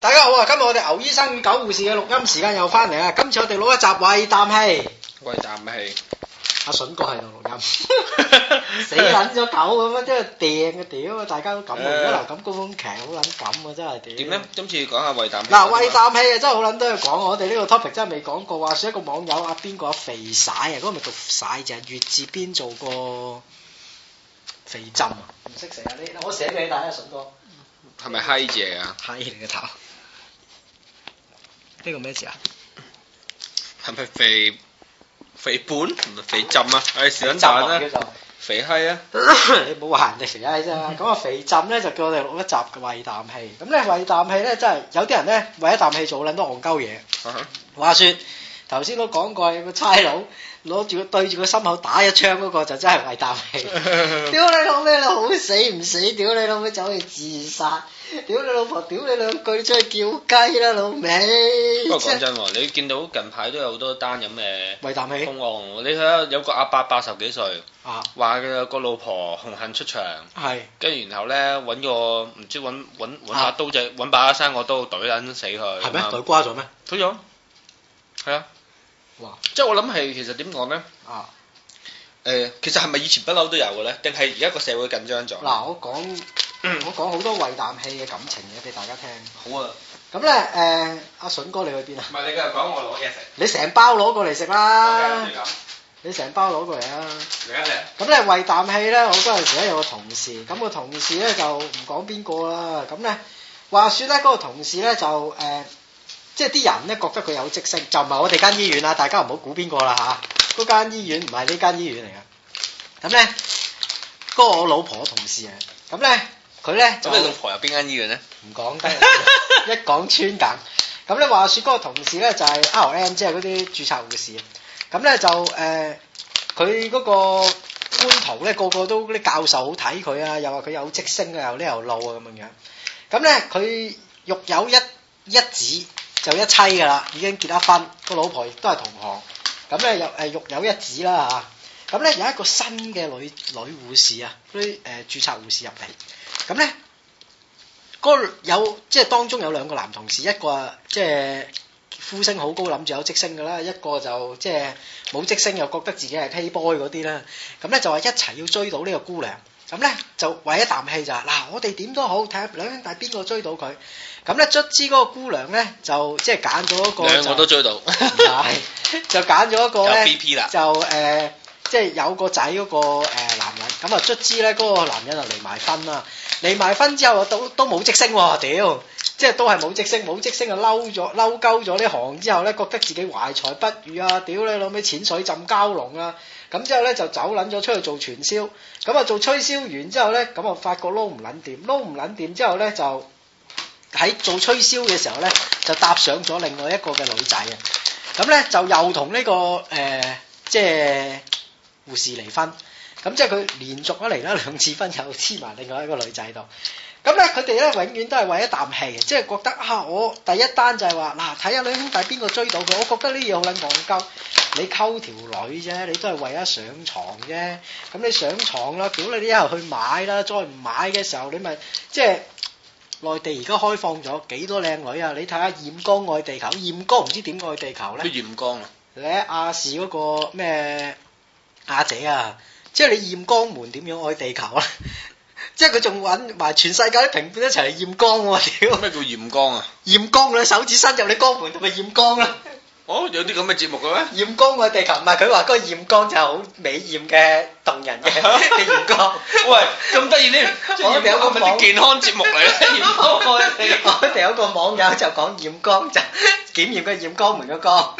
大家好啊！今日我哋牛醫生、狗護士嘅錄音時間又翻嚟啦！今次我哋攞一集為啖氣。為啖氣，阿笋哥係度錄音。死捻咗狗咁樣啊！真係掟啊！屌啊！大家都感冒而家流感高峰期，好捻咁啊！真係屌。點咧？今次講下為啖氣。嗱，為啖氣啊，真係好捻多嘢講。我哋呢個 topic 真係未講過。話，上一個網友啊，邊個啊肥晒啊，嗰個咪讀晒就係粵字邊做過肥針啊？唔識寫啊。啲，我寫俾你睇啊，笋哥。係咪嗨字啊？嗨閪你個頭！呢個咩事啊？係咪肥肥本？唔係肥浸啊？係食卵炸咧？肥閪啊！你冇話人哋肥閪啫。咁啊，肥， 肥浸咧就叫我哋錄一集《嘅為啖氣》。咁咧《為啖氣》咧真係有啲人咧為一啖氣做捻都戇鳩嘢。Uh huh. 話說頭先都講過，有個差佬。攞住個對住個心口打一槍嗰，那個就真係為啖氣。屌你老妹你好死唔死？屌你老妹走去自殺？屌你老婆你兩？屌你兩句出去叫雞啦老味。不過講真喎，你見到近排都有好多單咁嘅為啖氣喎，你睇下有個阿伯八十幾歲，話個蛤個老婆紅杏出牆，跟住，啊、然後咧揾個唔知揾把刀仔揾，啊、把生果刀懟撚死佢。係咩？懟瓜咗咩？脫咗。係啊。嘩即係我諗係，其實點講咧？啊！誒、呃，其實係咪以前不嬲都有嘅咧？定係而家個社會緊張咗？嗱，我講， 我講好多為啖氣嘅感情嘢俾大家聽。好啊！咁咧，誒、呃、阿、啊、筍哥你去邊啊？唔係你今日講，我攞嘢食。你成包攞過嚟食啦！你成包攞過嚟啊！嚟一嚟！咁咧為啖氣咧，我嗰陣時咧有個同事，咁、那個同事咧就唔講邊個啦。咁咧話說咧，嗰個同事咧就誒。即係啲人咧，覺得佢有職升，就唔係我哋、啊、間醫院啦。大家唔好估邊個啦嚇，嗰間醫院唔係呢間醫院嚟嘅。咁咧，嗰個我老婆同事啊，咁咧佢咧，咁你老婆又邊間醫院咧？唔講得， 一講穿梗。咁咧話説嗰個同事咧就係、是、R N，即係嗰啲註冊護士。咁咧就誒，佢、呃、嗰個官途咧，個個都啲教授好睇佢啊，又話佢有職升啊，又呢又嬲啊咁樣樣。咁咧佢育有一一子。有一妻噶啦，已經結咗婚，個老婆亦都係同行。咁咧又誒育有一子啦嚇。咁咧有一個新嘅女女護士啊，嗰啲誒註冊護士入嚟。咁咧嗰有即係當中有兩個男同事，一個即係呼聲好高，諗住有職升噶啦；一個就係、即係冇職升，又覺得自己係 T boy 嗰啲啦。咁咧就話一齊要追到呢個姑娘。咁咧就為一啖氣就嗱，我哋點都好睇下兩兄弟邊個追到佢。咁咧，卒之嗰個姑娘咧，就即係揀咗一個，兩個都追到， 就揀咗一個咧，就誒、呃，即係有個仔嗰、那個呃、個男人。咁啊，卒之咧，嗰個男人啊離埋婚啦，離埋婚之後啊，都都冇直升喎，屌！即係都係冇直升，冇直升啊，嬲咗嬲鳩咗呢行之後咧，覺得自己懷才不遇啊，屌你老味！淺水浸蛟龍啊！咁之後咧就走撚咗出去做傳銷，咁啊做催銷完之後咧，咁啊發覺撈唔撚掂，撈唔撚掂之後咧就。喺做吹銷嘅時候咧，就搭上咗另外一個嘅女仔啊！咁咧就又同呢、呢個誒、呃，即係護士離婚，咁即係佢連續咗嚟啦兩次婚，又黐埋另外一個女仔度。咁咧佢哋咧永遠都係為一啖氣，即係覺得啊，我第一單就係話嗱，睇下女兄弟邊個追到佢，我覺得呢嘢好撚戇鳩。你溝條女啫，你都係為咗上床啫。咁你上牀啦，屌你一又去買啦，再唔買嘅時候你咪即係。內地而家開放咗，幾多靚女啊！你睇下艷江愛地球，艷江唔知點愛地球咧？咩艷江啊？你亞視嗰個咩亞姐啊？即係你艷江門點樣愛地球啊？ 即係佢仲搵埋全世界啲評判一齊嚟艷江，我屌！咩叫艷江啊？艷江、啊，你手指伸入你肛門，咪艷江啦！ 哦，有啲咁嘅節目嘅咩？驗光嘅地圖咪，佢話嗰個驗光就係好美艷嘅動人嘅嘅驗光。 喂，咁得意添！ 我哋有個 是是健康節目嚟啦。 我哋有個網友就講驗光就檢驗嗰個驗光門嘅光。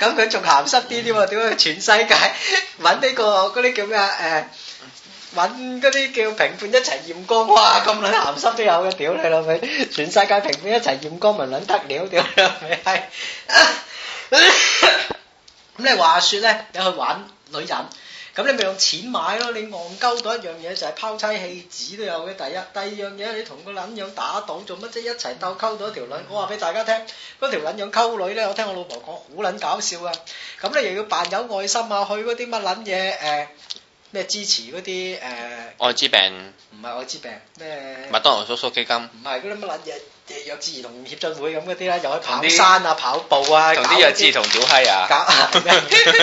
咁佢仲鹹濕啲添喎？點解全世界揾呢個嗰啲叫咩啊？誒、呃、～搵嗰啲叫評判一齊驗光，哇！咁卵鹹濕都有嘅，屌你老味！ 全世界評判一齊驗光，咪卵得了屌你老味！咁 你話説咧，你去玩女人，咁你咪用錢買咯。你戇鳩到一樣嘢就係拋妻棄子都有嘅。第一、第二樣嘢，你同個卵樣打賭做乜啫？一齊鬥溝到一條女。我話俾大家聽，嗰條卵樣溝女咧，我聽我老婆講好卵搞笑啊！咁你又要扮有愛心啊，去嗰啲乜卵嘢誒？欸咩支持嗰啲誒愛滋病？唔係愛滋病，咩麥當勞叔叔基金？唔係嗰啲乜撚嘢弱智兒童協進會咁嗰啲啦，又去跑山啊、跑步啊，同啲弱智兒童屌閪啊，搞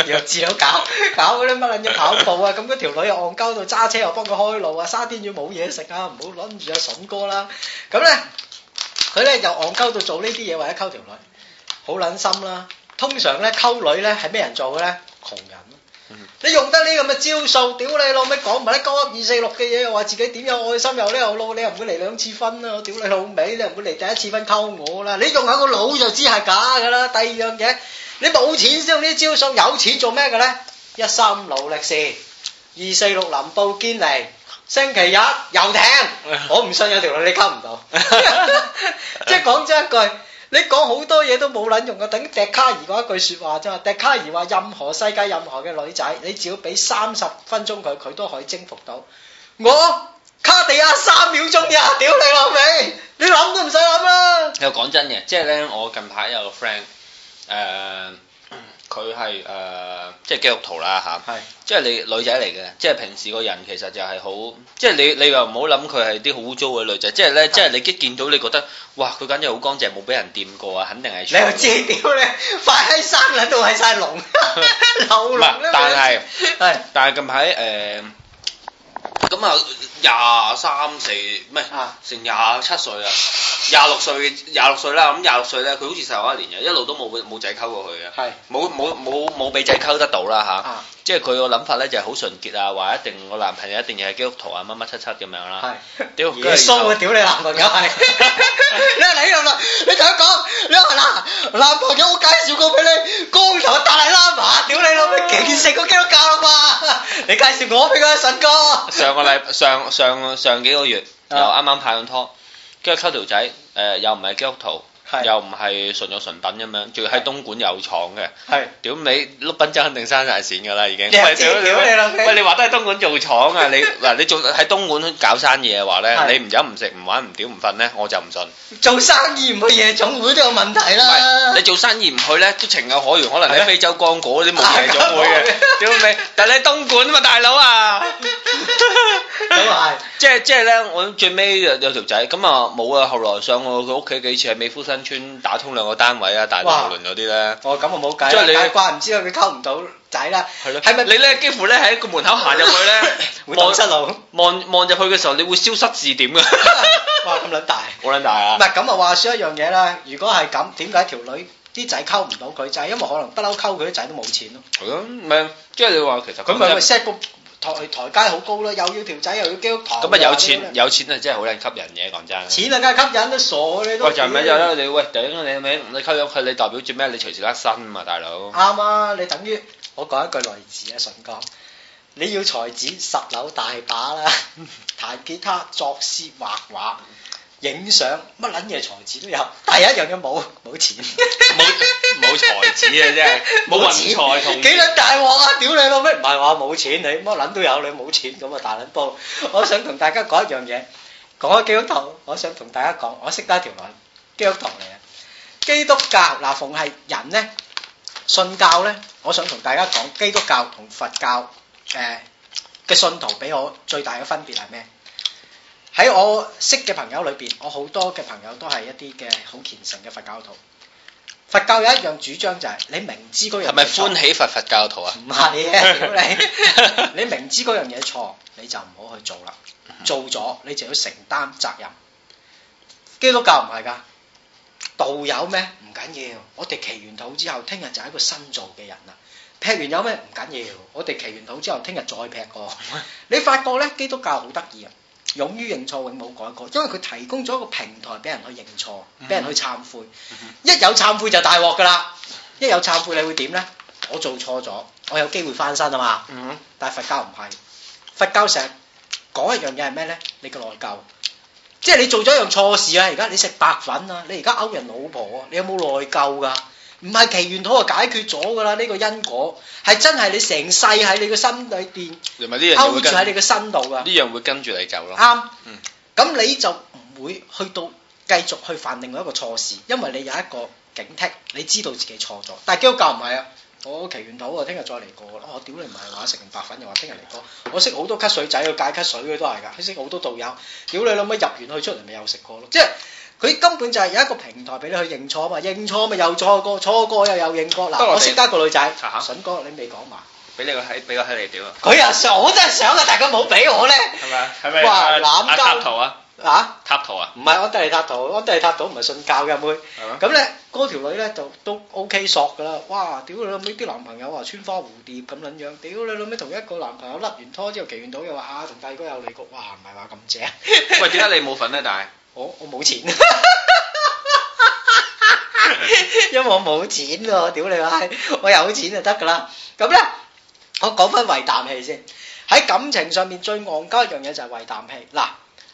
弱智都搞，搞嗰啲乜撚嘢跑步啊，咁嗰條女又戇鳩到揸車又幫佢開路啊，沙啲要冇嘢食啊，唔好諗住阿筍哥啦，咁咧佢咧又戇鳩到做呢啲嘢，或者溝條女，好撚心啦。通常咧溝女咧係咩人做嘅咧？窮人。你用得呢咁嘅招數，屌你老味，講埋啲高一二四六嘅嘢，又話自己點有愛心，又呢又老，你又唔會嚟兩次婚啦，我屌你老味，你又唔會嚟第一次婚，溝我啦，你用下個腦就知係假噶啦，第二樣嘢你冇錢先用呢啲招數，有錢做咩嘅咧？一三努力先，二四六林寶堅尼，星期日遊艇，我唔信有條路你溝唔到， 即係講真一句。你講好多嘢都冇撚用啊，等迪卡兒嗰一句説話啫。迪卡兒話任何世界，任何嘅女仔，你只要俾三十分鐘佢，佢都可以征服到。我卡地亞三秒鐘呀，屌你老味，你諗都唔使諗啦。又講真嘅，即係呢，我近排有個 friend 誒。呃佢係誒，即係肌肉圖啦嚇，即係你女仔嚟嘅，即係平時個人其實就係好，即係你你又唔好諗佢係啲好污糟嘅女仔，即係咧，即係你一見到你覺得，哇！佢簡直好乾淨，冇俾人掂過啊，肯定係你又知點咧？快喺生日度喺晒龍，但係係，但係近排誒，咁啊，廿三四唔係成廿七歲啊！廿六歲廿六歲啦，咁廿六歲咧，佢好似細我一年嘅，一路都冇冇仔溝過佢嘅，係冇冇冇冇俾仔溝得到啦吓，即係佢個諗法咧就係好純潔啊，話一定我男朋友一定要係基督徒啊，乜乜七七咁樣啦，係，屌耶穌啊，屌你男朋友，你你又啦，你同佢講，你話嗱男朋友我介紹過俾你，光頭大喇嘛，屌你老味，幾食個基督教啦嘛，你介紹我俾佢阿神哥，上個禮上上上幾個月又啱啱拍緊拖。跟住溝條仔，誒又唔係基督徒，又唔係純有純品咁樣，仲要喺東莞有廠嘅，屌你碌品仔肯定生曬錢㗎啦已經，喂屌屌你咯，喂你話都喺東莞做廠啊，你嗱你做喺東莞搞生意嘅話咧，你唔飲唔食唔玩唔屌唔瞓咧，我就唔信。做生意唔去夜總會都有問題啦，你做生意唔去咧，都情有可原，可能喺非洲幹果嗰啲冇夜總會嘅，屌你，但係你喺東莞嘛大佬啊！咁啊，即係即係咧，我最尾有條仔咁啊冇啊，後來上我佢屋企幾次喺美孚新村打通兩個單位啊，大羅倫嗰啲啦。哦，咁啊冇計。怪唔知得佢溝唔到仔啦。係咯。係咪你咧幾乎咧喺個門口行入去咧，望失路，望望入去嘅時候，你會消失字點噶。哇，咁撚大。好撚大啊！唔係，咁啊話說一樣嘢啦，如果係咁，點解條女啲仔溝唔到佢就係因為可能不嬲溝佢啲仔都冇錢咯。係咯，唔係，即係你話其實。咁咪 set 個台台階好高啦，又要條仔，又要基督，咁啊，有錢有錢啊，真係好撚吸引嘅，講真。錢啊，梗係吸引，都傻你都喂喂。喂，你喂頂你咩？你吸引佢，你代表住咩？你隨時甩身啊，大佬。啱啊！你等於我講一句類似啊，順哥，你要才子十樓大把啦，彈吉他、作詩、畫畫。影相乜撚嘢財產都有，但係一樣嘢冇冇錢，冇財產啊！真係冇錢，幾撚大鑊啊！屌你老咩？唔係話冇錢，你乜撚都有，你冇錢咁啊大撚煲！我想同大家講一樣嘢，講咗基督徒。我想同大家講，我識得一條路，基督徒嚟嘅！基督教嗱，逢係人咧，信教咧。我想同大家講，基督教同佛教誒嘅信徒俾我最大嘅分別係咩？喺我識嘅朋友裏邊，我好多嘅朋友都係一啲嘅好虔誠嘅佛教徒。佛教有一樣主張就係、是、你明知嗰樣嘢係咪歡喜佛佛教徒啊？唔係、啊、 你，明知嗰樣嘢錯，你就唔好去做啦。做咗你就要承擔責任。基督教唔係噶，道友咩？唔緊要，我哋祈完土之後，聽日就係一個新造嘅人啦。劈完有咩唔緊要？我哋祈完土之後，聽日再劈過。你發覺咧，基督教好得意啊！勇於認錯永冇改過，因為佢提供咗一個平台俾人去認錯，俾、嗯、人去懺悔。一有懺悔就大鑊噶啦，一有懺悔你會點呢？我做錯咗，我有機會翻身啊嘛。但係佛教唔係，佛教成日講一樣嘢係咩呢？你個內疚，即係你做咗一樣錯事啊！而家你食白粉啊，你而家勾人老婆啊，你有冇內疚噶？唔係祈願土啊，解決咗㗎啦！呢、呢個因果係真係你成世喺你個心裏邊，勾住喺你個身度㗎。呢樣會跟住你，你走咯。啱、嗯。咁、嗯、你就唔會去到繼續去犯另外一個錯事，因為你有一個警惕，你知道自己錯咗。但係基督教唔係啊，我祈願土啊，聽日再嚟過啦！我屌、哦、你唔係話食完白粉又話聽日嚟過，我識好多咳水仔，去戒咳水嘅都係㗎。你識好多道友，屌你老母入完去出嚟咪又食過咯，即係。佢根本就係有一個平台俾你去認錯啊嘛，認錯咪又錯過，錯過又又認過嗱，我識得一個女仔，筍哥你未講嘛？俾你個睇，俾個睇你屌啊！佢又索真係索啊，但係佢冇俾我咧，係咪啊？哇！攬金啊！啊！塔圖啊？唔係安德利塔圖，安德利塔圖唔係信教嘅妹，咁咧嗰條女咧就都 OK 索㗎啦。哇！屌你老味啲男朋友啊，穿花蝴蝶咁撚樣，屌你老味同一個男朋友甩完拖之後，期完到又話啊，同大哥有離局，哇！唔係話咁正。喂，點解你冇份咧但係？我我冇錢，因為我冇錢喎，屌你閪，我有錢就得噶啦。咁咧，我講翻為啖氣先。喺感情上面最戇鳩一樣嘢就係為啖氣。嗱，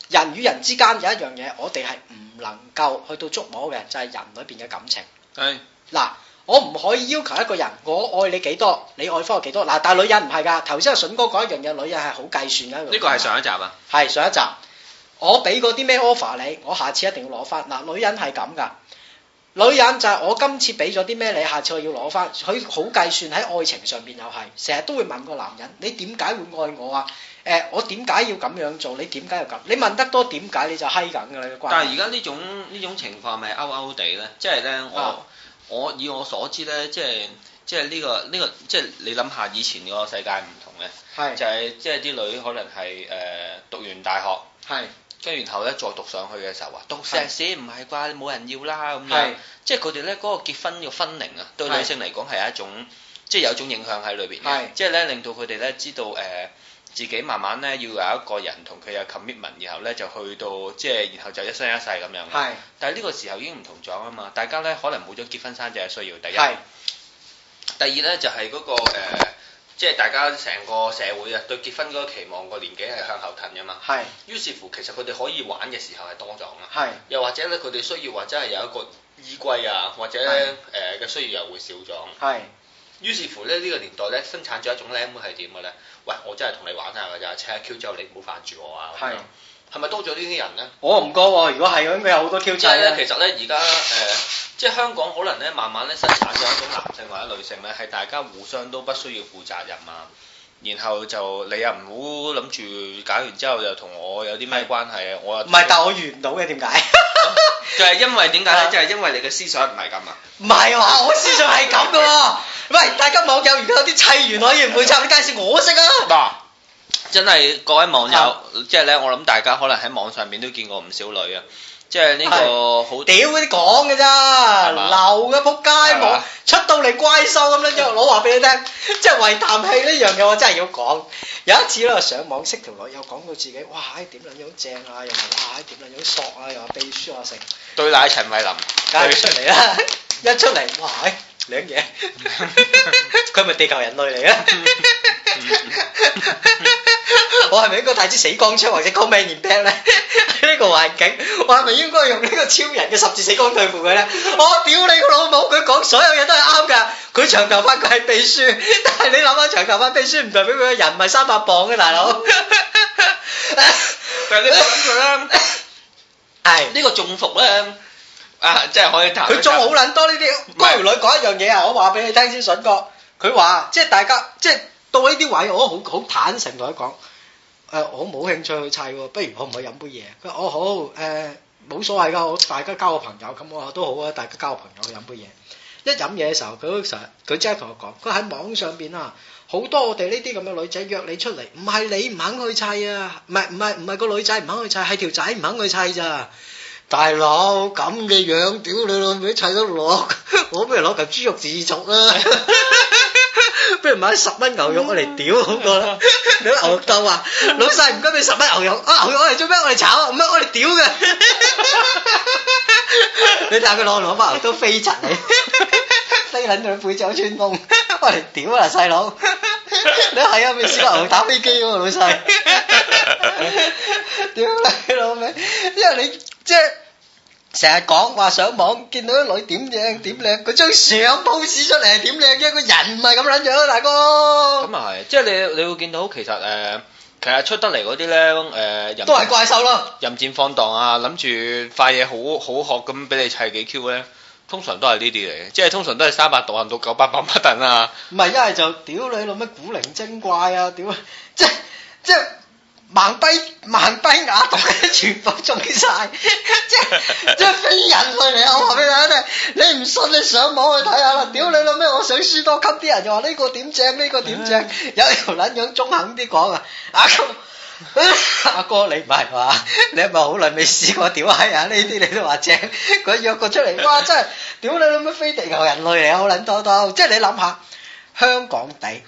人與人之間有一樣嘢，我哋係唔能夠去到觸摸嘅，就係人裏邊嘅感情。係。嗱，我唔可以要求一個人我愛你幾多，你愛我又幾多。嗱，但係女人唔係噶，頭先阿筍哥講一樣嘢，女人係好計算嘅。呢個係上一集啊？係上一集。我俾嗰啲咩 offer 你，我下次一定要攞翻。嗱，女人係咁噶，女人就係我今次俾咗啲咩你，下次我要攞翻。佢好計算，喺愛情上邊又係，成日都會問個男人：你點解會愛我啊？誒、呃，我點解要咁樣做？你點解要咁？你問得多點解你就閪緊噶啦。係，但係而家呢種呢種情況咪 out out 地咧？即係咧，我、啊、我以我所知咧，即係即係呢個呢、這個即係、就是、你諗下，以前個世界唔同嘅是、就是，就係即係啲女可能係誒、呃、讀完大學。跟然後咧再讀上去嘅時候啊，讀碩士唔係啩，冇人要啦咁樣，即係佢哋咧嗰個結婚個分齡啊，對女性嚟講係一種是即係有種影響喺裏邊嘅，即係咧令到佢哋咧知道誒、呃、自己慢慢咧要有一個人同佢有 commitment，然後咧就去到即係然後就一生一世咁樣。係是，但係呢個時候已經唔同咗啊嘛，大家咧可能冇咗結婚生仔嘅需要。第一，是第二咧就係、是、嗰、那個、呃呃即係大家成個社會啊，對結婚嗰個期望個年紀係向後褪㗎嘛。係是。於是乎，其實佢哋可以玩嘅時候係多咗啊。係是。又或者咧，佢哋需要或者係有一個依歸啊，或者誒嘅是、呃、需要又會少咗。係是。於是乎咧，呢、這個年代咧生產咗一種僆妹係點嘅咧？喂，我真係同你玩下㗎咋，扯 Q 之後你唔好煩住我啊。係。係咪多咗呢啲人咧？我唔覺喎，如果係咁，咪有好多挑刺咧。其實咧，而家誒，即係香港可能咧，慢慢咧生產咗一種男性或者女性咧，係大家互相都不需要負責任啊。然後就你又唔好諗住搞完之後又同我有啲咩關係啊，是我唔係，但我遇唔到嘅，點解？ 就係因為點解咧？就係因為你嘅思想唔係咁啊。唔係話我思想係咁嘅喎，喂！ 大家網友而家有啲砌完可以唔配插你介紹，我識啊。嗱。真係各位網友，即係咧，我諗大家可能喺網上面都見過唔少女啊，即係呢個好屌，嗰啲講嘅咋，流嘅仆街網，出到嚟怪獸咁樣，又攞話俾你聽，即係為啖氣呢樣嘢，我真係要講。有一次咧，上網識條女，又講到自己，哇！點樣好正啊，又話哇！點樣好索啊，又話秘書啊成對賴陳慧琳，對出嚟啦，一出嚟哇！兩嘢，佢係咪地球人類嚟嘅？ 我係咪應該帶支死光槍或者高明面劈咧？呢 個環境，我係咪應該用呢個超人嘅十字死光對付佢咧？我、 哦、屌你個老母！佢講所有嘢都係啱㗎，佢長頭髮佢係秘書，但係你諗下長頭髮秘書唔代表佢個人唔係三百磅嘅大佬。就呢個感覺啦。係呢個中伏咧。啊！即係可以談，佢仲好捻多呢啲。哥條是女講一樣嘢啊，我話俾你聽先，笋哥。佢話即係大家即係到呢啲位，我好好坦誠同佢講。誒、呃，我冇興趣去砌，不如可唔可以飲杯嘢？佢我好誒，冇、哦哦呃、所謂噶，我大家交個朋友咁我都好啊，大家交個朋友去飲杯嘢。一飲嘢嘅時候，佢成佢即刻同我講，佢喺網上邊啊，好多我哋呢啲咁嘅女仔約你出嚟，唔係你唔肯去砌啊，唔係唔係唔係個女仔唔肯去砌，係條仔唔肯去砌咋。大佬咁嘅樣，樣，屌你老味砌得落，我不如攞嚿豬肉自屠啦，不如買十蚊牛肉我嚟屌好過啦。你解牛肉刀啊？ 老細唔該畀十蚊牛肉，啊牛肉我嚟做咩？我嚟炒，唔係我嚟屌嘅。 你睇佢攞攞把牛肉刀飛出嚟，飛撚佢背走穿窿，我嚟屌啊細佬！弟弟 你係啊，未試過牛肉打飛機嘛、啊？老細。屌 你老味，因為你，因為你即係。成日講話上網見到啲女點靚點靚，佢張相 post 出嚟點靚嘅，個人唔係咁撚樣，大哥。咁啊係，即係你你會見到其實誒、呃，其實出得嚟嗰啲咧誒，人都係怪獸咯，任戰放蕩啊，諗住快嘢，好好學咁俾你砌幾 Q 咧，通常都係呢啲嚟嘅，即係通常都係三百度行到九百八不等啊。唔係，一係就屌 你老咩古靈精怪啊！屌，即係即係。即盲低盲低瓦當，全部中晒， 即即非人類嚟，我話俾你聽，你唔信你上網去睇下啦，屌你老咩！我想輸多級，啲人就話呢個點正，呢、呢個點正，有條撚樣中肯啲講啊，啊，啊，阿哥阿哥你唔係話？你係咪好耐未試過屌閪啊？呢啲你都話正，佢約過出嚟，哇真係，屌你老咩非地球人類嚟，好撚多多，即係你諗下香港地。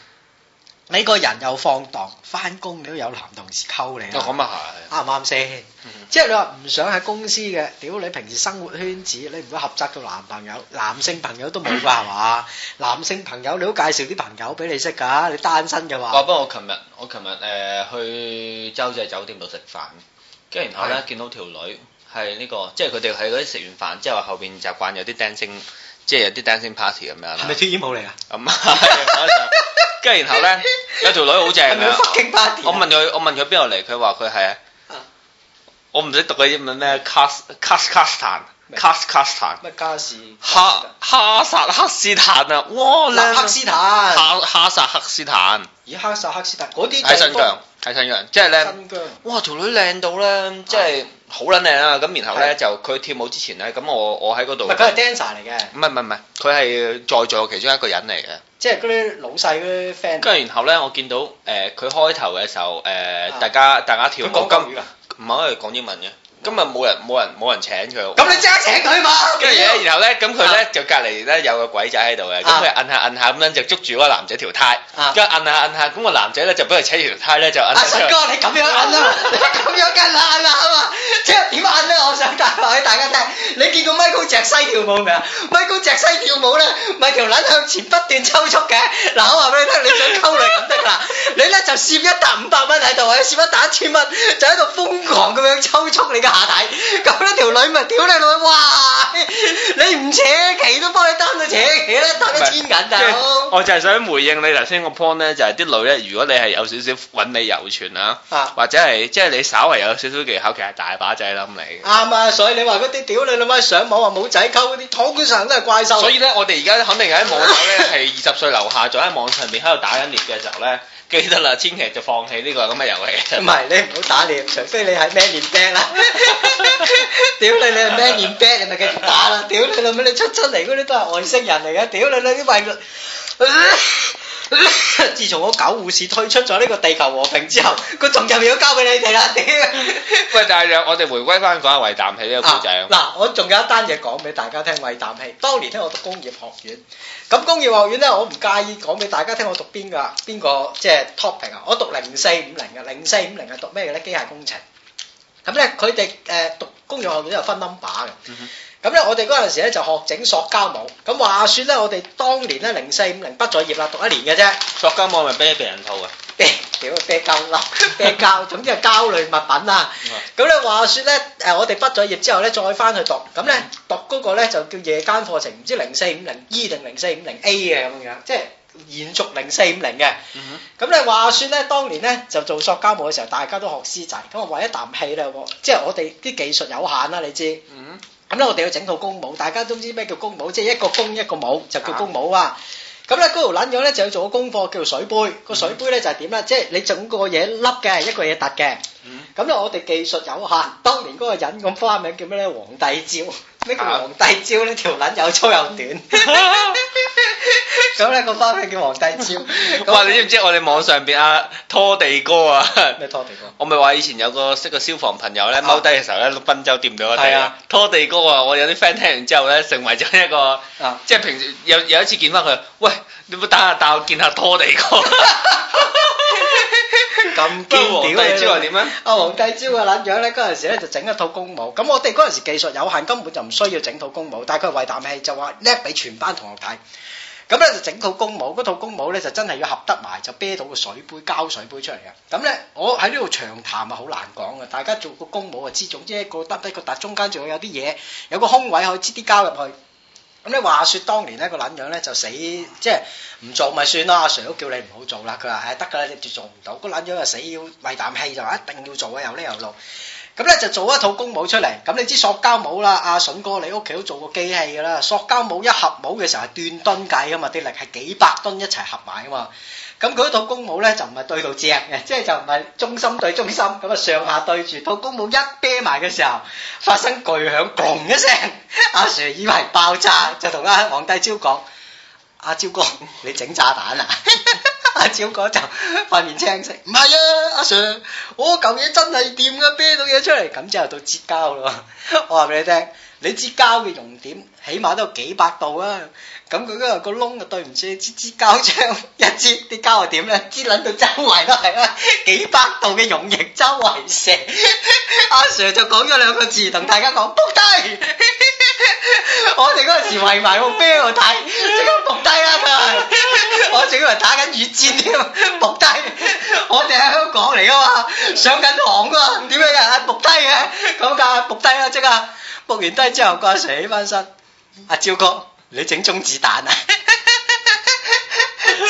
你個人又放蕩，翻工你都有男同事溝你，啱唔啱先？對對，嗯、即係你話唔想喺公司嘅，屌你平時生活圈子，你唔會合作到男朋友，男性朋友都冇㗎係嘛？男性朋友你都介紹啲朋友俾你識㗎，你單身嘅話。不過我琴日我琴日誒去洲際酒店度食飯，跟住然後咧是見到條女係呢、這個，即係佢哋喺嗰啲食完飯之後後邊習慣有啲 dancing 即係有啲 dancing party 咁樣，係咪穿衣舞嚟啊？咁跟住然後咧，有條女好正啊！party？我問佢，我問佢邊度嚟，佢話佢係啊。我唔識讀嗰啲乜咩，卡斯卡斯卡斯坦，卡斯卡斯坦。乜卡斯？哈哈薩克斯坦啊！哇，靚、啊！哈克斯坦。哈哈薩克斯坦。咦、啊？哈薩克斯坦嗰啲喺新疆，喺新疆，即係靚。哇！條女靚到咧，即係。啊好撚靚啦，咁、啊、然後咧的就佢跳舞之前咧，咁我我喺嗰度，佢係 dancer 嚟嘅，唔係唔係，佢係在座其中一個人嚟嘅，即係嗰啲老細嗰啲 friend。跟住然後咧，我見到誒佢、呃、開頭嘅時候誒、呃啊，大家大家跳舞，佢講粵語啊，唔係佢講英文嘅。今日冇人冇人冇人請佢，咁你即刻請佢嘛？跟住咧，然後咧，咁佢咧就隔離咧有個鬼仔喺度嘅，咁佢摁下摁下咁樣就捉住嗰個男仔條呔，咁摁下摁下，咁個男仔咧就俾佢扯條呔咧就摁落去。阿叔哥，你咁樣摁啊，咁樣摁啦摁啦啊嘛，即係點摁咧？我想話俾大家聽。你見過米高錶西跳舞未啊？米高錶西跳舞咧，咪條撚向前不斷抽搐嘅。嗱，我話俾你聽，你想溝女咁得啦，你咧就攝一沓五百蚊喺度，或者攝一沓一千蚊，就喺度瘋狂咁樣抽搐嚟噶。下睇咁咧條女咪屌你女，哇！你唔扯旗都幫你擔到扯旗啦，擔得纖緊大佬。我就係想回應你頭先個 point 咧，就係、是、啲女咧，如果你係有少少穩你遊傳啊，或者係即係你稍為有少少技巧，其實大把仔諗你。啱啊，所以你話嗰啲屌你老母上網話冇仔溝嗰啲，網上都係怪獸。所以咧，我哋而家肯定喺網上咧係二十歲樓下，仲喺網上面喺度打緊獵嘅時候咧，記得啦，千祈就放棄呢個咁嘅遊戲。唔係你唔好打獵，除非你係咩獵兵啦。 屌你你係咩面白，你咪繼續打啦！屌你老味，你出出嚟嗰啲都係外星人嚟嘅！屌你老啲衛律，自從我狗護士退出咗呢個地球和平之後，佢仲入面都交俾你哋啦！屌，喂，但係我哋回歸翻講下為啖氣呢個故仔啊！嗱，我仲有一單嘢講俾大家聽，為啖氣。當年咧，我讀工業學院，咁工業學院咧，我唔介意講俾大家聽我讀邊噶，邊個即係 topic 啊？我讀零四五零嘅，零四五零係讀咩嘅咧？機械工程。咁咧，佢哋誒讀工業學院都有分 number 嘅。咁咧、嗯哼，我哋嗰陣時咧就學整塑膠模。咁話説咧，我哋當年咧零四五零畢咗業啦，讀一年嘅啫。塑膠模咪俾啲病人套啊。啤，屌，啤膠粒，啤膠，總之係膠類物品啊。咁咧、嗯、哼話説咧，誒我哋畢咗業之後咧，再翻去讀，咁咧、嗯、讀嗰個咧就叫夜間課程，唔知零四五零 E 定零四五零 A 嘅咁樣，即係。延續零四五零嘅，咁咧、嗯、哼話說咧當年咧就做塑膠模嘅時候，大家都學師仔，咁啊，為一啖氣啦，即係我哋啲技術有限啦，啊，你知，咁咧、嗯、哼我哋要整套公模，大家都知咩叫公模，即係一個公一個模，就叫公模啊，咁咧，嗰條捻咗咧就要做個功課，叫做水杯，個水杯咧就係點咧？即係、嗯、哼你整個嘢凹嘅，一個嘢凸嘅。嗯咁就我哋技術有限，當年嗰個人咁花名叫咩咧？皇帝蕉，咩叫皇帝蕉咧？條撚又粗又短，咁咧個花名叫皇帝蕉。那個、哇！你知唔知我哋網上邊阿、啊、拖地哥啊？咩拖地哥？ 我咪話以前有個識個消防朋友咧，踎低嘅時候咧，喺賓、啊、州店畀我睇的啊！拖地哥啊！我有啲 friend 聽完之後咧，成為咗一個，即係、啊、平時有有一次見翻佢，喂。你冇打下鬥，見下拖地哥咁經典你知我點啊！阿黃繼照啊，捻樣咧？嗰陣時咧就整一套公舞，咁我哋嗰陣時技術有限，根本就唔需要整套公舞。但係佢為啖氣就話叻俾全班同學睇，咁咧就整套公舞。嗰套公舞咧就真係要合得埋，就啤到個水杯、膠水杯出嚟嘅。咁咧，我喺呢度長談啊，好難講啊！大家做公、嗰個公舞啊，知總之一個得低個笪，中間仲要有啲嘢，有個空位可以擠啲膠入去。咁咧話說當年咧個撚樣咧就死，即係唔做咪算咯，阿 Sir 都叫你唔好做啦。佢話：誒得㗎啦，你絕做唔到。個撚樣就死要為啖氣就話一定要做啊，有呢有路。咁咧就做一套工模出嚟。咁你知塑膠模啦，阿筍哥你屋企都做過機器㗎啦。塑膠模一合模嘅時候係斷噸計啊嘛，啲力係幾百噸一齊合埋啊嘛。咁佢套公母咧就唔係對到正嘅，即係就唔係中心對中心，咁啊上下對住。套公母一啤埋嘅時候，發生巨響，嘭一聲，阿 Sir 以為爆炸，就同阿黃帝蕉講：阿蕉哥，你整炸彈啊？阿蕉哥就發面青色，唔係啊，阿、啊、Sir，我嚿嘢真係掂噶，啤到嘢出嚟，咁之後到結膠咯。我話俾你聽，你結膠嘅熔點。起碼都有幾百度啦、啊。咁佢嗰個窿就對唔住，支支膠槍一支啲膠又點咧，支捻到周圍都係啦、啊，幾百度嘅溶液周圍射。阿、 啊、Sir 就講咗兩個字同大家講，扑低！ 我哋嗰陣時圍埋個飛度睇，即刻扑低啦佢。 我仲以為打緊雨戰添，扑低！ 我哋喺香港嚟噶嘛，上緊堂噶，點樣嘅？扑低嘅，咁噶，扑低啦即刻！扑完低之後，個阿 Sir 起翻身。阿招、啊、哥，你整中子彈啊？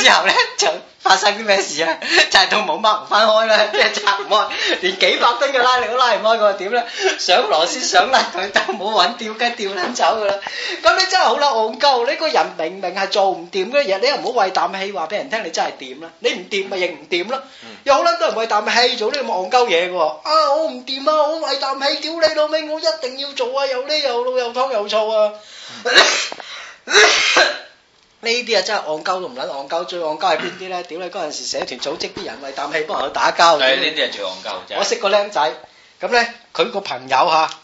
之後咧就。發生啲咩事啊？就係棟門掹唔分開啦，即係拆唔開，連幾百噸嘅拉力都拉唔開，佢點咧？上螺絲上嚟，佢都冇搵吊機吊得走噶啦。咁你真係好啦，戇鳩！你個人明明係做唔掂嘅嘢，你又唔好為啖氣話俾人聽，你真係掂啦。你唔掂咪認唔掂囉。又好捻多人為啖氣做呢啲戇鳩嘢嘅。啊，我唔掂啊，我為啖氣屌你老味，我一定要做啊！又呢又老又湯又菜啊！呢啲啊真係戇鳩都唔撚戇鳩，最戇鳩係邊啲咧？屌你嗰陣時社團組織啲人為啖氣幫人去打交，係呢啲係最戇鳩啫。我識個僆仔，咁咧佢個朋友嚇、啊、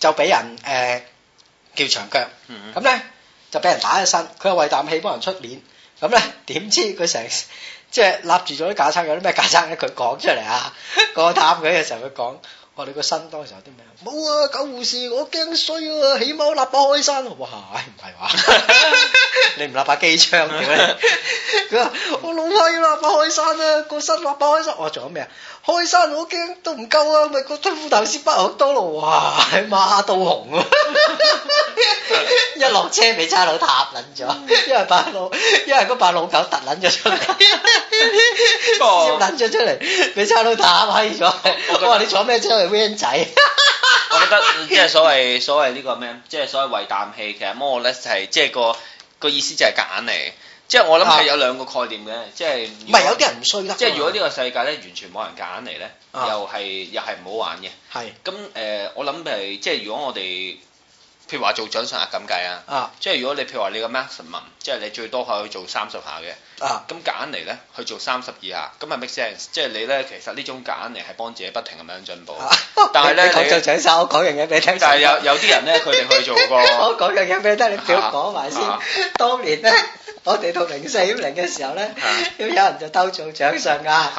就俾人誒、呃、叫長腳，咁咧、嗯嗯、就俾人打一身。佢又為啖氣幫人出面，咁咧點知佢成即係立住咗啲架撐，有啲咩架撐咧？佢講出嚟啊，個探佢嘅時候佢講。哇、哦！你個身當時有啲咩冇啊，狗護士，我驚衰啊！起碼我立把開山，哇！唉、哎，唔係話， 你唔立把機槍咩？佢話：我老媽要立把開山啊！個身立把開山。我、哦、話：仲有咩啊？開山我驚都唔夠啊！咪個副頭先拔好多咯！哇！馬到紅啊！一落車俾差佬踏撚咗，因為把老因為嗰把老狗突撚咗出嚟，閃撚咗出嚟，俾差佬踏閪咗。我話：你坐咩車仔， 我覺得、嗯、即係所謂所謂呢個咩，即係所謂為啖氣。其實摩 o d 就係即係個個意思就係夾硬嚟。即係我諗係有兩個概念嘅，即係唔係有啲人唔衰得。即係如果呢、啊、個世界咧完全冇人夾硬嚟咧，又係又係唔好玩嘅。係咁誒，我諗係即係如果我哋。譬如話做掌上壓咁計啊，即係如果你譬如話你嘅 maximum，即係你最多可以做三十下嘅，咁夾硬嚟咧去做三十二下，咁係 make sense。即係你咧，其實呢種夾硬嚟係幫自己不停咁樣進步。啊、但係咧，講掌上壓，你我講樣嘢俾你聽。但係有你有啲人咧，佢哋 去做過。 我講樣嘢俾你聽，你表講埋先。當、啊啊、 年咧呢。 我地到零四五零嘅時候咧，咁有人就鬥做掌上壓，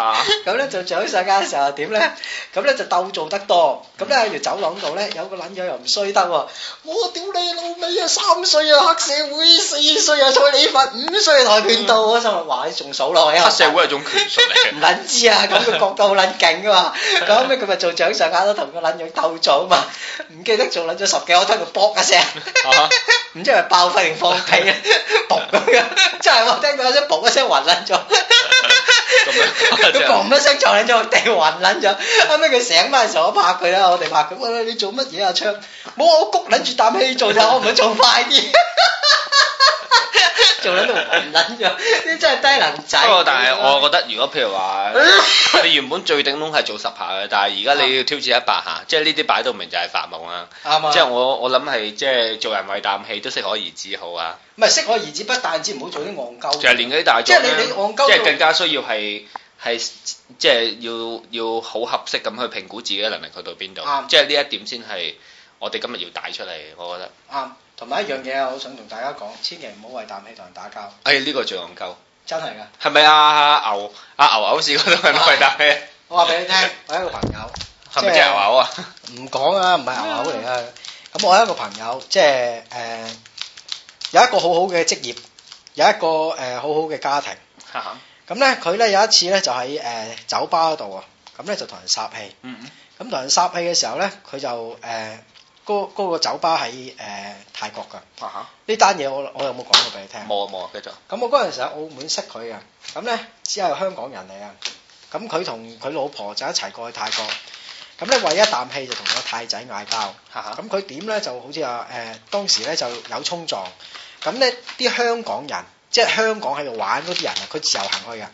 咁咧做掌上壓嘅時候點咧？咁咧就鬥做得多，咁咧喺條走廊度咧，有個撚友又唔衰得喎，我屌你老味啊！三歲啊黑社會，四歲啊蔡李佛，五歲跆拳道，我心話，哇！你仲數落去啊？黑社會係種拳術嚟嘅，唔撚知啊！咁佢覺得好撚勁啊嘛，咁後屘佢咪做掌上壓都同個撚友鬥做啊嘛，唔記得做撚咗十幾，我聽佢噥一聲，唔知係咪爆發定放屁啊，噥咁樣。 真係我聽到一爆一聲暈撚咗，咁樣佢爆一聲撞撚咗地暈撚咗，後尾佢醒翻嘅時候我拍佢啦，我哋拍佢，喂你做乜嘢啊昌？冇我谷撚住啖氣做啫， 我唔會做快啲。 做捻都唔捻樣，呢啲真係低能仔。不過，但係我覺得，如果譬如話，你 原本最頂籠係做十下嘅，但係而家你要挑戰一百下， 即係呢啲擺到明就係發夢啊。啱啊！ 即係我我諗係即係做人為啖氣，都適可而止好啊。唔係適可而止，不但止唔好做啲戇鳩。就係年紀大嗰啲大眾咧，即係更加需要係係即係要要，要好合適咁去評估自己嘅能力去到邊度。即係呢一點先係。我哋今日要帶出嚟，我覺得啱。同埋一樣嘢，我好想同大家講，千祈唔好為啖氣同人打交。誒、哎，呢、這個最戇鳩，真係㗎。係咪啊？牛啊牛牛試過同人攞嚟啖氣、啊、我話俾你聽，我一個朋友，即係、 就是、牛牛啊！唔講啊，唔係牛牛嚟啊。咁我一個朋友，即係誒有一個好好嘅職業，有一個誒、呃、好好嘅家庭。咁咧、啊，佢咧有一次咧，就喺誒酒吧度啊。咁咧就同人霎氣。咁同、嗯、人霎氣嘅時候咧，佢就誒。呃嗰個酒吧喺誒泰國㗎，呢單嘢我我，我有冇講過俾你聽？冇啊冇啊，繼續。咁我嗰陣時喺澳門識佢嘅，咁咧只係香港人嚟啊，咁佢同佢老婆就一齊過去泰國，咁咧為一啖氣就同個泰仔嗌交，咁佢點咧就好似話誒當時咧就有衝撞，咁咧啲香港人即係、就是、香港喺度玩嗰啲人啊，佢自由行去㗎，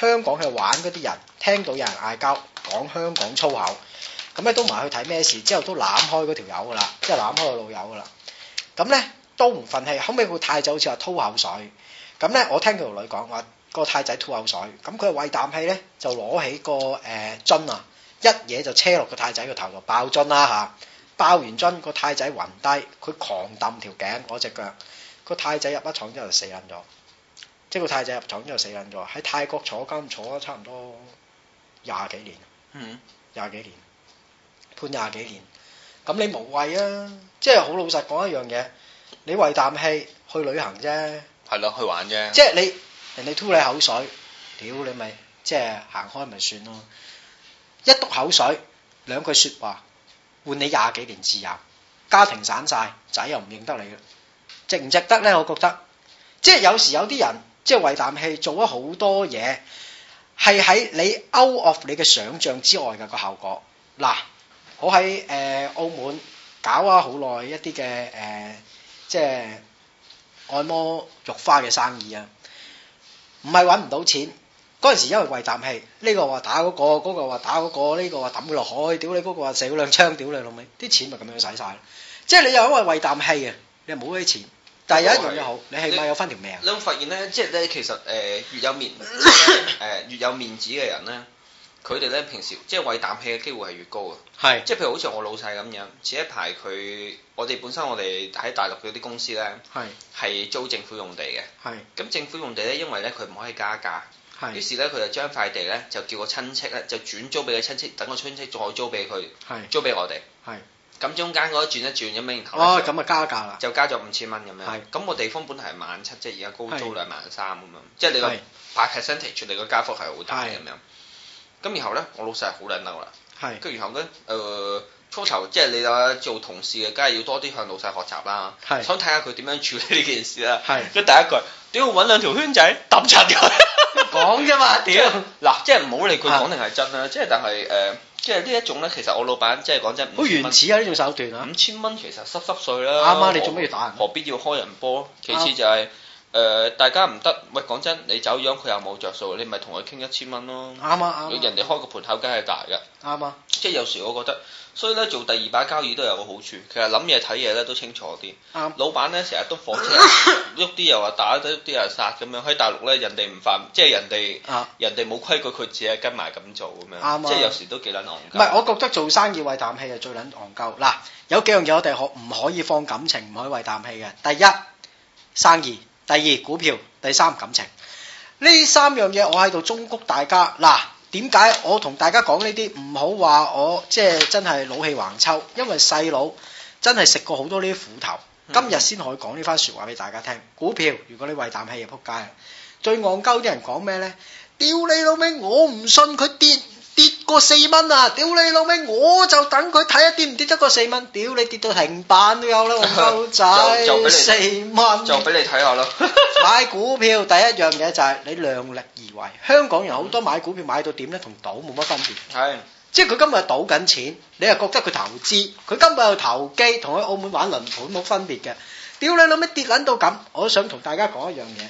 香港喺度玩嗰啲人聽到有人嗌交，講香港粗口。咁咧都唔係去睇咩事，之後都攬開嗰條友噶啦，即係攬開個老友噶啦。咁咧都唔忿氣，後尾個太仔好似話吐口水。咁咧我聽條女講話個太仔吐口水，咁佢為啖氣咧就攞起個誒樽啊，一嘢就車落個太仔個頭度，爆樽啦嚇！爆完樽個太仔暈低，佢狂抌條頸嗰隻腳，個太仔入咗廠之後就死撚咗。即係個太仔入廠之後就死撚咗，喺泰國坐監坐咗差唔多廿幾年。嗯，廿幾年。判廿幾年，咁你無謂啊！即係好老實講一樣嘢，你為啖氣去旅行啫，係咯，去玩啫。即係你人哋吐你口水，屌你咪即係行開咪算咯。一篤口水，兩句說話，換你廿幾年自由，家庭散晒，仔又唔認得你啦，值唔值得呢？我覺得，即係有時有啲人即係為啖氣做咗好多嘢，係喺你 out of 你嘅想象之外嘅個效果嗱。我喺誒、呃、澳門搞咗好耐一啲嘅誒，即係按摩玉花嘅生意啊，唔係揾唔到錢。嗰陣時因為為啖氣，呢、這個話打嗰、那個，嗰、那個話打嗰、那個，呢、這個話抌佢落海，屌你嗰個話射佢兩槍，屌你老味，啲、那個、錢咪咁樣使晒咯。即係你又因為為啖氣啊，你又冇啲錢，但係有一樣嘢好，你起碼有翻條命，啊你？你有冇發現咧？即係咧，其實誒越有面誒、呃、越有面子嘅人咧。 佢哋咧，平時即係餵啖氣嘅機會係越高嘅。即係譬如好似我老細咁樣，前一排佢，我哋本身我哋喺大陸嗰啲公司咧，係租政府用地嘅，咁政府用地咧，因為咧佢唔可以加價，於是咧佢就將塊地咧就叫個親戚咧就轉租俾個親戚，等個親戚再租俾佢，租俾我哋，咁中間嗰一轉一轉咁樣，哦咁啊加價啦，就加咗五千蚊咁樣，咁個地方本嚟係萬七，即係而家高租兩萬三咁樣，即係你個八 percentage 出嚟個加幅係好大咁樣。咁然後咧，我老細係好卵嬲啦。係是。跟然後咧，誒、呃、初頭即係你啊做同事嘅，梗係要多啲向老細學習啦。係是。想睇下佢點樣處理呢件事啦。係是。跟第一句，屌搵兩條圈仔揼盡佢，講啫嘛，屌！ 嗱，即係唔好理佢講定係真啦，即係但係誒、呃，即係呢一種咧，其實我老闆即係講真，唔好原始啊呢種手段、啊。五千蚊其實濕濕碎啦。阿、啊、媽你做咩要打人？何必要開人波？其次就係、是。誒、呃，大家唔得，喂，講真，你走樣佢又冇着數，你咪同佢傾一千蚊咯。啱啊，啱。人哋開個盤口，梗係大噶。啱啊，啊啊即係有時我覺得，所以咧做第二把交椅都有個好處，其實諗嘢睇嘢咧都清楚啲。啊、老闆咧成日都火車喐啲， 又話打，啲喐啲又殺咁樣。喺大陸咧，人哋唔犯，即係人哋、啊、人哋冇規矩，佢只係跟埋咁做咁樣。啱、啊、即係有時都幾撚戇。唔係、啊，我覺得做生意為啖氣就最撚戇鳩。嗱，有幾樣嘢我哋可唔可以放感情，唔可以為啖氣嘅？第一，生意。第二股票，第三感情，呢三樣嘢我喺度忠告大家。嗱，點解我同大家講呢啲？唔好話我即係真係老氣橫秋，因為細佬真係食過好多呢啲苦頭，今日先可以講呢番說話俾大家聽。股票，如果你為啖氣而仆街，最戇鳩啲人講咩呢？「屌你老味，我唔信佢跌。跌過四蚊啊！屌你老味，我就等佢睇下跌唔跌得過四蚊。屌你跌到停板都有啦，我狗仔四蚊，就俾你睇元下啦。 買股票第一樣嘢就係、是、你量力而為。香港人好多買股票、嗯、買到點咧，同賭冇乜分別。係是，即係佢今日賭緊錢，你又覺得佢投資，佢根本又投機，同佢澳門玩輪盤冇分別嘅。屌你老味，跌捻到咁，我都想同大家講一樣嘢。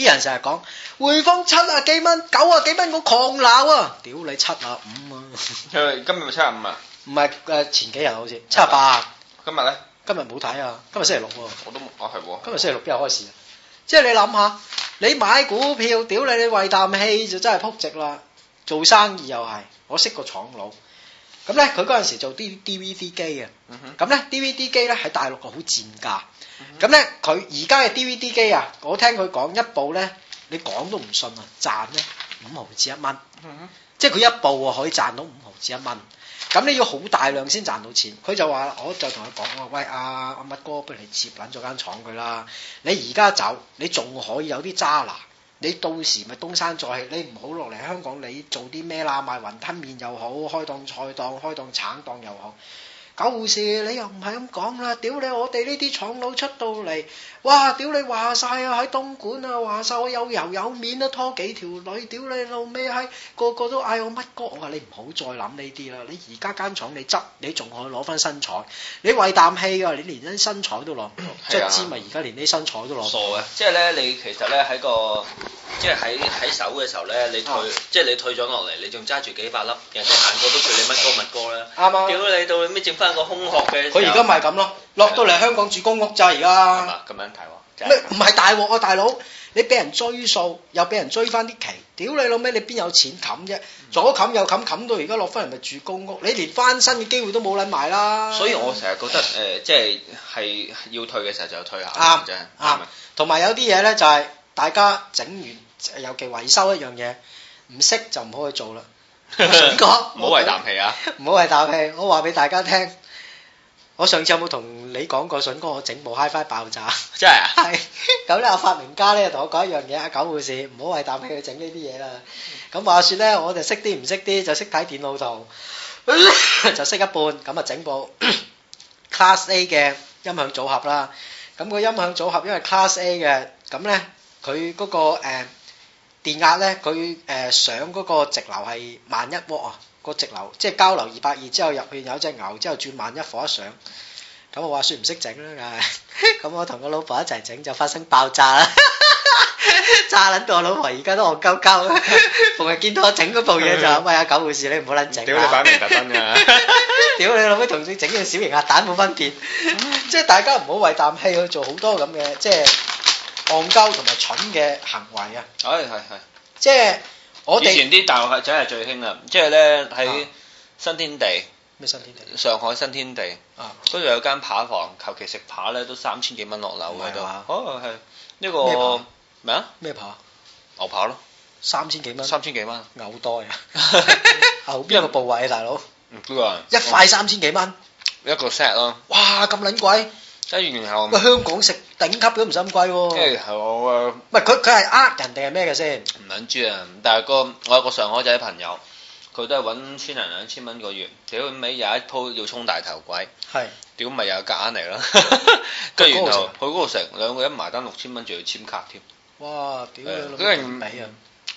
啲人成日講匯豐七啊幾蚊九啊幾蚊，我狂鬧啊！屌你七啊五啊！ 今日咪七啊五啊？唔係誒前幾日好似的七啊八。今日咧？今日冇睇啊！今日星期六喎、啊。我都冇啊，係、哦、喎。今日星期六邊日開市啊？即係你諗下，你買股票，屌你，你為啖氣就真係撲直啦！做生意又係，我識個廠佬。咁咧，佢嗰陣時做啲 D V D 機啊，咁咧 D V D 機咧喺大陸好賤價，咁咧佢而家嘅 D V D 機啊，我聽佢講一部咧，你講都唔信啊，賺咧五毫子一蚊，即係佢一部啊可以賺到五毫子一蚊，咁你要好大量先賺到錢。佢就話，我就同佢講，話喂阿阿乜哥，不如你接緊咗間廠佢啦，你而家走，你仲可以有啲渣拿。你到時咪東山再起，你唔好落嚟香港，你做啲咩啦？賣雲吞麵又好，開檔菜檔、開檔橙檔又好，搞護士，你又唔係咁講啦！屌你，我哋呢啲廠佬出到嚟。哇！屌你話晒啊，喺東莞啊，話晒我有油有面都拖幾條女，屌你老味，喺個個都嗌我乜哥，哥，我話你唔好再諗呢啲啦。你而家間廠你執，你仲可以攞翻身彩，你為啖氣啊！你連啲身彩都攞唔到，即係知咪？而家連啲身彩都攞唔到。傻啊！即係咧，你其實咧喺個，即係喺喺手嘅時候咧，你退，啊、即係你退咗落嚟，你仲揸住幾百粒，人哋行過都叫你乜哥乜哥啦。啱啊！屌你到你咪剩翻個空殼嘅。佢而家咪咁咯。落到嚟香港住公屋咋而家、啊，咁樣睇喎、啊。唔、就、係、是、大鑊啊，大佬！你俾人追數，又俾人追翻啲期，屌你老味！你邊有錢冚啫？左冚右冚，冚到而家落翻嚟咪住公屋。你連翻身嘅機會都冇撚埋啦、啊。所以我成日覺得誒、呃，即係係要退嘅時候就要退下，啱、啊，係。同埋、啊啊、有啲嘢咧，就係大家整完，尤其維修一樣嘢，唔識就唔好去做啦。唔好為啖氣啊！唔好為啖氣，我話俾大家聽，我上次有冇同？你講個信歌，我整部 HiFi 爆炸，真係啊！係！咁咧，阿發明家咧同我講一樣嘢啊，狗護士，唔好為啖氣去整呢啲嘢啦。咁話説咧，我哋識啲唔識啲，就識睇電腦圖，就識一半。咁啊，整部 Class A 嘅音響組合啦。咁個音響組合因為 Class A 嘅，咁咧佢嗰個誒電壓咧，佢誒上嗰個直流係萬一伏啊，個直流即係交流二百二之後入去有隻牛，之後轉萬一伏一上。咁我話說唔識整啦，梗係咁我同個老婆一齊整就發生爆炸啦， 炸撚到我老婆而家都戇鳩鳩。逢日見到我整嗰部嘢的就，喂啊，狗護士，你唔好撚整。屌你擺明特登啊！屌你老妹同你整嘅小型鴨蛋冇分別，即係大家唔好為啖氣去做好多咁嘅即係戇鳩同埋蠢嘅行為啊！係係係。即係我哋。以前啲大陸仔真係最興啦，即係咧喺新天地。啊咩新天地？上海新天地啊，嗰度有間扒房，求其食扒咧都三千幾蚊落樓喺度，可能係呢個咩啊？咩扒？牛扒咯，三千幾蚊，三千幾蚊，牛多啊，邊一個部位啊，大佬？唔知啊，一塊三千幾蚊，一個 set 咯，哇咁撚貴，即係原嚟喺香港食頂級都唔使咁貴喎，即係我誒，唔係佢佢係呃人定係咩嘅先？唔捻住啊，但係個我有個上海仔朋友。佢都係揾千零兩千蚊個月，屌尾有一鋪要充大頭鬼，係是，屌咪又隔硬嚟咯，跟 住然後去嗰度食，兩 城個一埋單六千蚊仲要簽卡添，哇，屌你老味啊，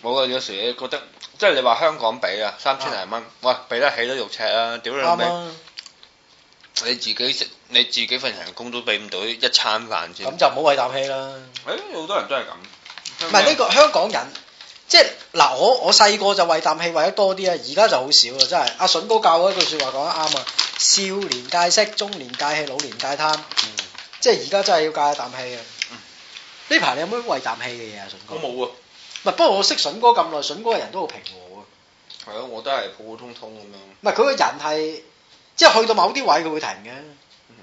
冇啊、嗯，有時你覺得，即係你話香港俾啊三千零蚊，哇，俾得起都肉赤啊，屌你老味，你自己食你自己份人工都俾唔到一餐飯錢。咁就唔好為啖氣啦，誒好、哎、多人都係咁，唔係呢個香港人。 即係嗱，我我細個就為啖氣為得多啲啊，而家就好少啊，真係。阿、啊、筍哥教嘅一句說話講得啱啊，少年戒色，中年戒氣，老年戒貪。嗯、即係而家真係要戒一啖氣、嗯、啊！呢排你有冇為啖氣嘅嘢啊？筍哥。我冇啊。係，不過我識筍哥咁耐，筍哥個人都好平和啊。係啊，我都係普普通通咁樣。唔係佢個人係，即係去到某啲位佢會停嘅。嗯、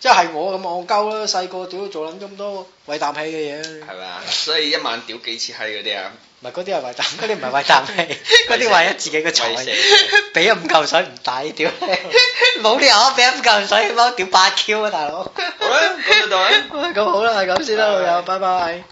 即係係我咁戇鳩啦，細個屌做捻咁多為啖氣嘅嘢。係嘛，所以一晚屌幾次閪嗰啲啊！唔係嗰啲係為啖，嗰啲唔係為啖氣，嗰啲為咗自己個財，俾咗五嚿水唔抵，屌！冇理由俾一五嚿水，我屌八 Q 啊大佬，好啦，咁就到咁好啦，咁先啦，老友，拜拜。 拜拜。